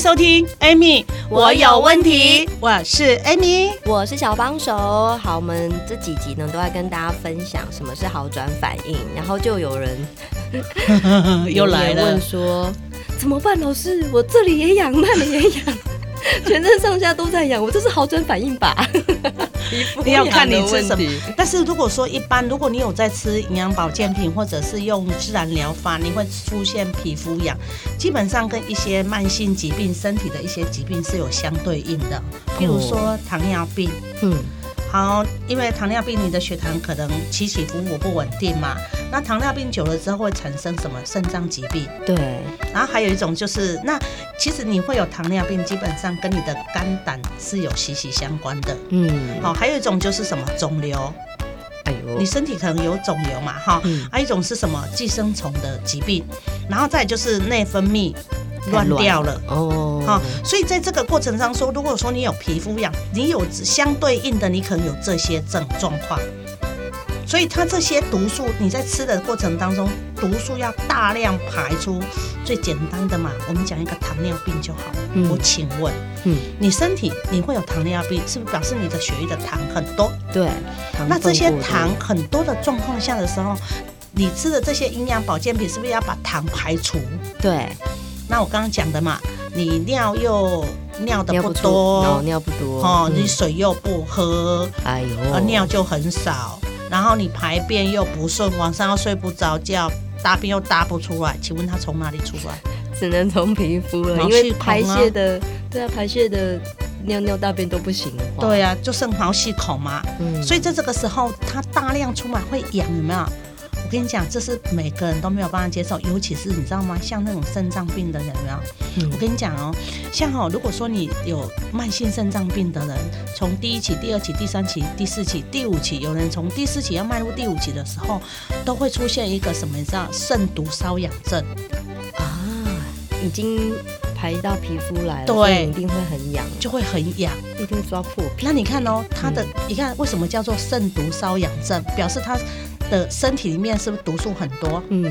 收聽 Amy，我有問題。我有問題，我是 Amy，我是小幫手。好，我們這幾集呢，都要跟大家分享什麼是好轉反應。然後就有人 又來了問說，怎麼辦？老師，我這裡也癢，那裡也癢， 全身上下都在癢，我這是好轉反應吧？ 你要看你吃什麼，但是如果說一般，如果你有在吃營養保健品或者是用自然療法，你會出現皮膚癢，基本上跟一些慢性疾病、身體的一些疾病是有相對應的，譬如說糖尿病，哦、嗯。好，因為糖尿病，你的血糖可能起起伏伏不穩定嘛。那糖尿病久了之後會產生什麼腎臟疾病？對。然後還有一種就是，那其實你會有糖尿病，基本上跟你的肝膽是有息息相關的。嗯。好、哦，還有一種就是什麼腫瘤？哎呦，你身體可能有腫瘤嘛哈。還、哦、有、嗯啊、一種是什麼寄生蟲的疾病，然後再就是內分泌。亂掉了哦，好、啊。所以在這個過程上說，如果說你有皮膚癢，你有相對應的，你可能有這些症狀況。所以它這些毒素，你在吃的過程當中，毒素要大量排出。最簡單的嘛，我們講一個糖尿病就好、嗯。我請問，嗯，你身體你會有糖尿病，是不是表示你的血液的糖很多？對。糖那這些糖很多的狀況下的時候，你吃的這些營養保健品是不是要把糖排除？對。那我剛剛講的嘛，你尿又尿的不多，尿不多、哦哦哦嗯，你水又不喝，哎呦，尿就很少。然後你排便又不順，晚上又睡不着覺，大便又大不出來。請問它從哪裡出來？只能從皮膚了、啊，因為排泄的，對啊，排泄的尿尿大便都不行，對啊，就剩毛細孔嘛、嗯。所以在這個時候，它大量出來會癢嘛。有沒有我跟你講，這是每個人都沒有辦法接受，尤其是你知道嗎？像那種腎臟病的人啊、嗯，我跟你講哦、喔，像哦、喔，如果說你有慢性腎臟病的人，從第一期、第二期、第三期、第四期、第五期，有人從第四期要邁入第五期的時候，都會出現一個什麼叫毒症？你知道腎毒瘙癢症啊，已經排到皮膚來了，對，一定會很癢，就會很癢，一定會抓破。那你看哦、喔，他的、嗯，你看為什麼叫做腎毒瘙癢症，表示他的身體裡面是不是毒素很多？嗯，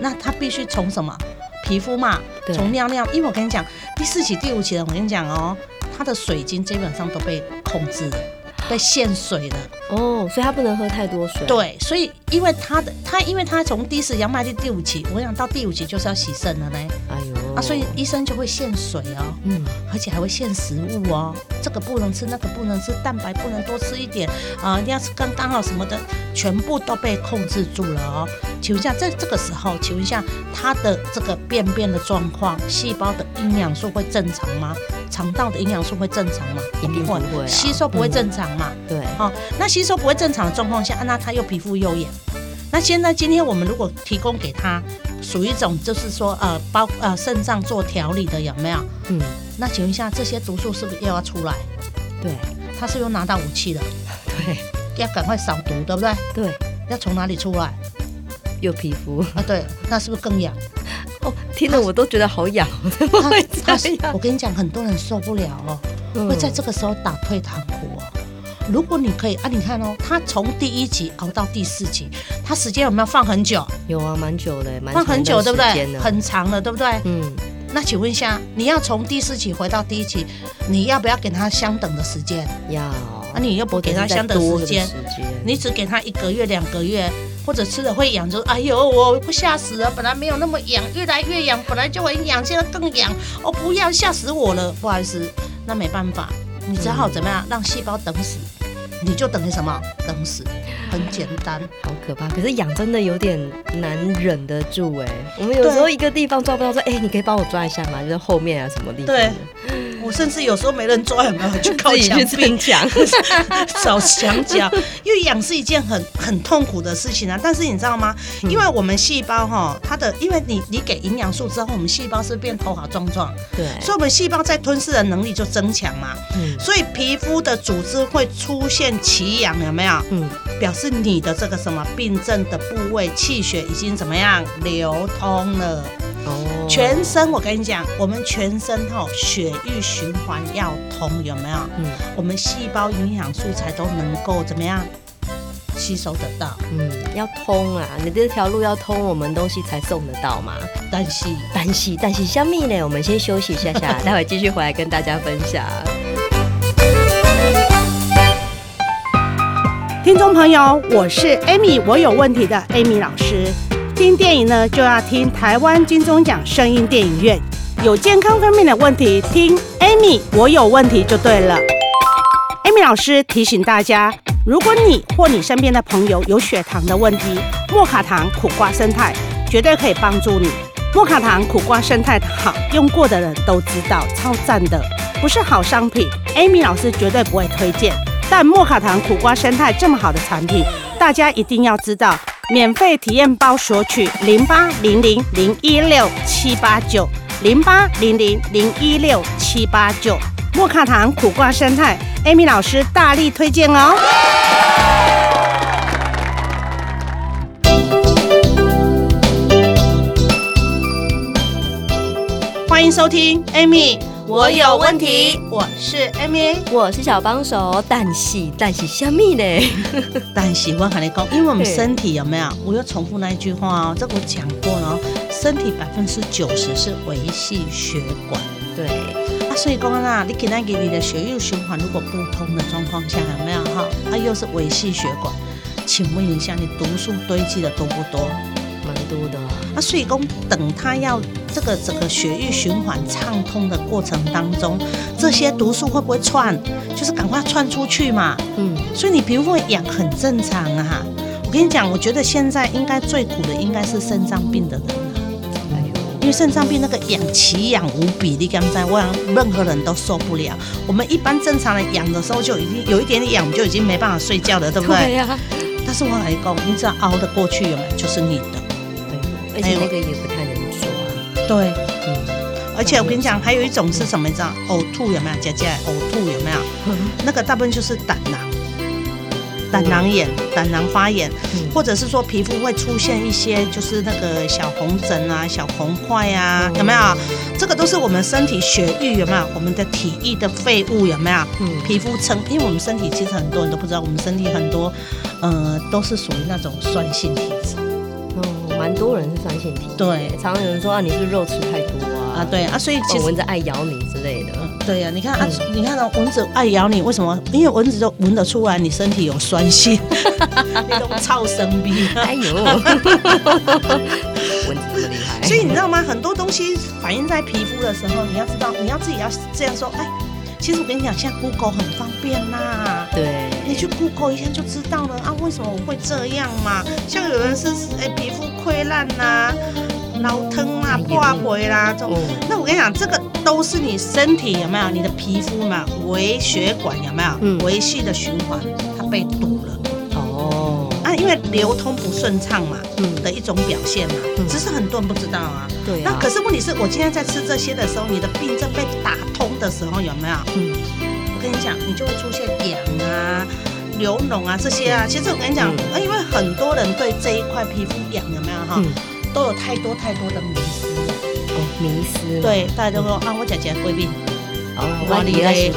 那他必須從什麼？皮膚嘛，對，從尿尿。因為我跟你講，第四期、第五期的，我跟你講哦，他的水晶基本上都被控制了。被限水了哦，oh, 所以他不能喝太多水。對，所以因為他的他，因為他從第四期、麥就第五期，我想到第五期就是要洗腎了呢。哎呦，啊，所以醫生就會限水哦，嗯，而且還會限食物哦，這個不能吃，那個不能吃，蛋白不能多吃一點啊，呃、你要吃要剛剛好什麼的，全部都被控制住了哦。請問一下，在這個時候，請問一下他的這個便便的狀況，細胞的營養素會正常嗎？腸道的營養素會正常嗎？一定不會，啊，吸收不會正常嘛？嗯嗯對，好，哦，那吸收不會正常的狀況下，那他又皮膚又癢，那現在今天我們如果提供給他，屬於一種就是說，呃，包呃腎臟做調理的有沒有？嗯，那請問一下，這些毒素是不是又要，要出來？對，他是不是拿到武器的。對，要趕快掃毒，對不對？對，要從哪裡出來？有皮膚啊？對，那是不是更癢？哦，聽了我都覺得好癢，怎麼會這樣？我跟你講，很多人受不了哦，嗯、會在這個時候打退堂鼓哦。如果你可以啊，你看哦，他從第一集熬到第四集，他時間有沒有放很久？有啊，蠻久的，蠻久的時間。放很久，對不對？很長了，對不對？嗯對對。嗯，那請問一下，你要從第四集回到第一集，你要不要給他相等的時間？要。啊，你又不給他相等時間，你只給他一個月、兩個月。或者吃了會癢，就是哎呦，我不嚇死啊！本來沒有那麼癢，越來越癢，本來就很癢，現在更癢，我、哦、不要嚇死我了，不好意思，那沒辦法，你只好怎麼樣、嗯，讓細胞等死，你就等於什麼，等死，很簡單，好可怕。可是癢真的有點難忍得住哎、欸，我們有時候一個地方抓不到說，說哎、欸，你可以幫我抓一下嗎？就是後面啊什麼地方。我甚至有時候沒人抓，有沒有去靠牆壁找牆角？因為癢是一件很很痛苦的事情啊。但是你知道嗎？因為我們細胞哈，它的因為你你給營養素之後，我們細胞是，是變頭好壯壯，對。所以我們細胞在吞噬的能力就增強嘛。嗯。所以皮膚的組織會出現奇癢，有沒有？嗯。表示你的這個什麼病症的部位氣血已經怎麼樣流通了？哦。全身，我跟你講，我們全身吼血液循環要通，有沒有？嗯，我們細胞營養素材都能夠怎麼樣吸收得到？嗯，要通啊，你這條路要通，我們東西才送得到嘛。但是，但是，但是，小蜜呢？我們先休息一下下， 待會繼續回來跟大家分享。聽眾朋友，我是 Amy，我有問題的 Amy 老師。聽電影呢，就要聽台灣金鐘獎聲音電影院。有健康方面的問題，聽 Amy，我有問題就對了。Amy 老師提醒大家，如果你或你身邊的朋友有血糖的問題，莫卡糖苦瓜生態絕對可以幫助你。莫卡糖苦瓜生態好，用過的人都知道，超贊的，不是好商品，Amy 老師絕對不會推薦。但莫卡糖苦瓜生態這麼好的產品，大家一定要知道。免費體驗包索取：零八零零零一六七八九零八零零零一六七八九。木卡糖苦瓜生態，Amy 老師大力推薦哦。Yeah! 歡迎收聽 Amy。我有問題，我是 Amy，我是小幫手，但是但是笑咪呢？但是, 但是我很能講，因為我們身體有沒有？我又重複那一句話哦，這個、我講過哦，身體百分之九十是微細血管，對，啊、所以剛剛你李克那給你的血液循環如果不通的狀況下有沒有哈？它、啊、又是微細血管，請問一下你毒素堆積的多不多？那所以等他要這個整個血液循環暢通的過程當中，這些毒素會不會竄？就是趕快竄出去嘛。嗯。所以你皮膚會癢很正常啊。我跟你講，我覺得現在應該最苦的應該是腎臟病的人了。哎呦。因為腎臟病那個癢奇癢無比，你剛才我讓任何人都受不了。我們一般正常的癢的時候就已經有一點點癢，就已經沒辦法睡覺了，對不對？對啊、但是我老公你只要熬得過去，有沒有？就是你的。而且那個也不太能說、啊哎，對，嗯，而且我跟你講、嗯，還有一種是什麼，你知道，嘔、嗯、吐有沒有，姐姐？嘔吐有沒有、嗯？那個大部分就是膽囊，膽、嗯、囊炎，膽囊發炎、嗯，或者是說皮膚會出現一些就是那個小紅疹啊、嗯、小紅塊呀、啊嗯，有沒有？這個都是我們身體血瘀有沒有？我們的體液的廢物有沒有？嗯、皮膚層，因為我們身體其實很多人都不知道，我們身體很多，呃，都是屬於那種酸性體質。蠻多人是酸性體，對，常常有人說啊，你是肉吃太多啊，啊對，對啊，所以、哦、蚊子愛咬你之類的，對呀、啊嗯啊，你看啊，你看到蚊子愛咬你，為什麼？因為蚊子都聞得出來你身體有酸性，那 種 超生病，哎呦， 蚊子這麼厲害，所以你知道嗎？很多東西反映在皮膚的時候，你要知道，你要自己要這樣說，哎、欸，其實我跟你講，現在 Google 很方便啦，對，你去 Google 一下就知道了啊，為什麼我會這樣嘛？像有人是哎、欸、皮膚。潰爛啊，老疼啊，破灰啦，啊，這種、嗯。那我跟你講，這個都是你身體有沒有？你的皮膚嘛，微血管有沒有？微、嗯、細的循環它被堵了。哦。啊，因為流通不順暢嘛，嗯的一種表現嘛。只是很多人不知道啊。對、嗯。那可是問題是我今天在吃這些的時候，你的病症，被打通的時候有沒有？嗯。我跟你講，你就會出現癢啊。流膿啊，這些啊，其實我跟你講，因為很多人對這一塊皮膚癢有沒有哈、啊嗯，都有太多太多的迷思哦，迷思對，大家都說、嗯、啊，我姐貴過哦，哦我離開。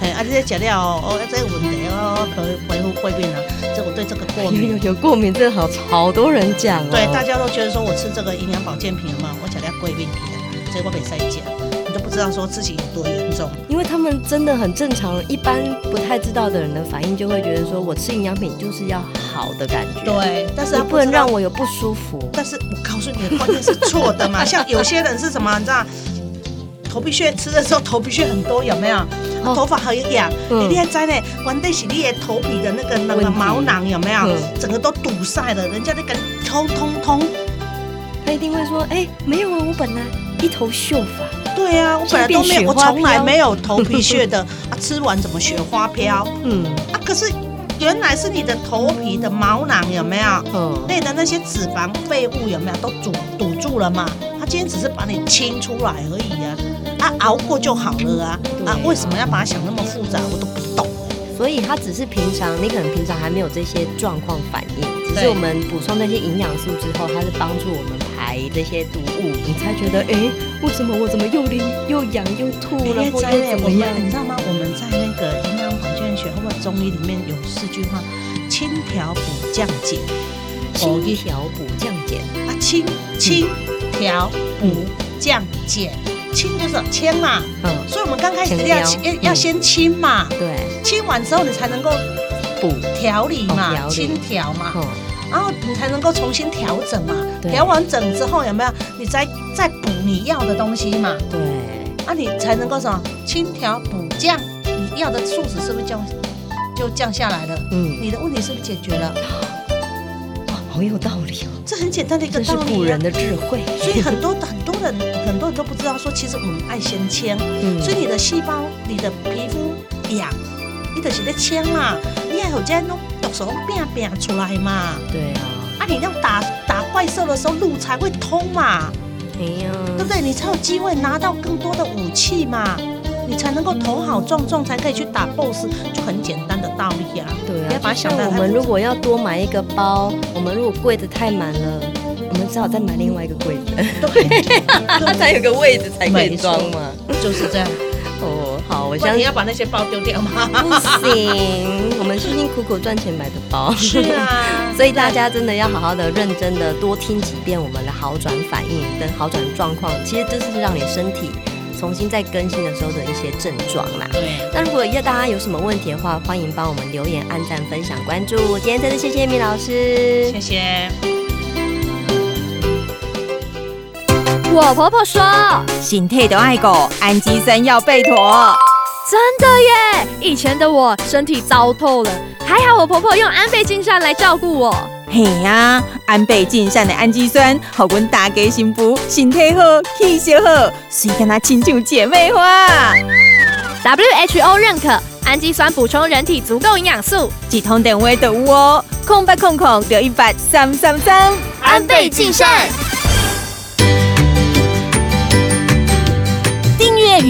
嘿、啊， 啊，你再吃掉哦，哦，這個有問題哦，可、啊、以回復貴敏了。這我對這個過敏。哎、有有過敏，這好，好多人講、哦。對，大家都覺得說我吃這個營養保健品了嘛，我吃貴過敏的，結果沒再講。知道說自己有多嚴重，因為他們真的很正常。一般不太知道的人的反應，就會覺得說我吃營養品就是要好的感覺。對，但是他不，不能讓我有不舒服。但是我告訴你，觀念是錯的嘛。 像有些人是什麼，你知道，頭皮屑吃的時候頭皮屑很多，有沒有？哦、頭髮很癢，你另外那呢，關鍵是你的頭皮的那個那個毛囊有沒有、嗯，整個都堵塞了，人家都感覺通通通。嗯、他一定會說：“哎、欸，沒有啊，我本來一頭秀髮。”對啊，我本來都沒有，我從來沒有頭皮屑的 啊。吃完怎麼雪花飄？嗯，啊，可是原來是你的頭皮的毛囊有沒有？嗯，內的那些脂肪廢物有沒有都堵堵住了嘛？他、啊、今天只是把你清出來而已啊，啊，熬過就好了啊。啊，啊，為什麼要把它想那麼複雜？我都不懂。所以他只是平常，你可能平常還沒有這些狀況反應。只是我們補充那些營養素之後，它是幫助我們。這些毒物，你才覺得哎，為、欸、什麼我怎麼又淋又癢又吐了，後、欸、又怎麼樣、欸？你知道嗎？我們在那個營養保健學或者中醫，裡面有四句話：清調補降解，清調補降解啊，清清調補降解，清就是清嘛，嗯，所以我們剛開始要、欸、要先清嘛，對，清完之後你才能夠補調理嘛，清調嘛。嗯然後你才能夠重新調整嘛，調完整之後有沒有？你再再補你要的東西嘛。對。啊，你才能夠什麼清調補降，你要的數值是不是降就，就降下來了？嗯。你的問題是不是解決了？哇、哦哦，好有道理哦！這很簡單的一個道理、啊、這是古人的智慧。 所以很多很多人很多人都不知道說，其實我們愛先清、嗯，所以你的細胞、你的皮膚癢，你得是在清嘛，你還好樣弄。手變變出來嘛，對啊，啊你要打打怪獸的時候路才會通嘛，哎呀、啊，對不對？你才有機會拿到更多的武器嘛，你才能夠頭好壯壯、嗯，才可以去打 BOSS，就很簡單的道理啊。對啊。你不要把想像我們如果要多買一個包，我們如果櫃子太滿了，我們只好再買另外一個櫃子。對、嗯，才有個位置才可以裝嘛，就是這樣。 我你要把那些包丟掉嗎？不行， 我們辛辛苦苦賺錢買的包。是啊， 所以大家真的要好好的、認真的多聽幾遍我們的好轉反應跟好轉狀況，其實這是讓你身體重新再更新的時候的一些症狀啦。對。那如果要大家有什麼問題的話，歡迎幫我們留言、按讚、分享、關注。今天真的謝謝米老師，謝謝。我婆婆說：心態都愛狗，氨基酸要備妥。真的耶！以前的我身體糟透了，還好我婆婆用安倍晉善來照顧我。嘿呀、啊，安倍晉善的氨基酸，好阮大哥幸福，身體好，氣血好，所以跟他親像姐妹花。WHO 認可氨基酸補充人體足夠營養素，幾通點位的物，空白空空留一百三三三，安倍晉善。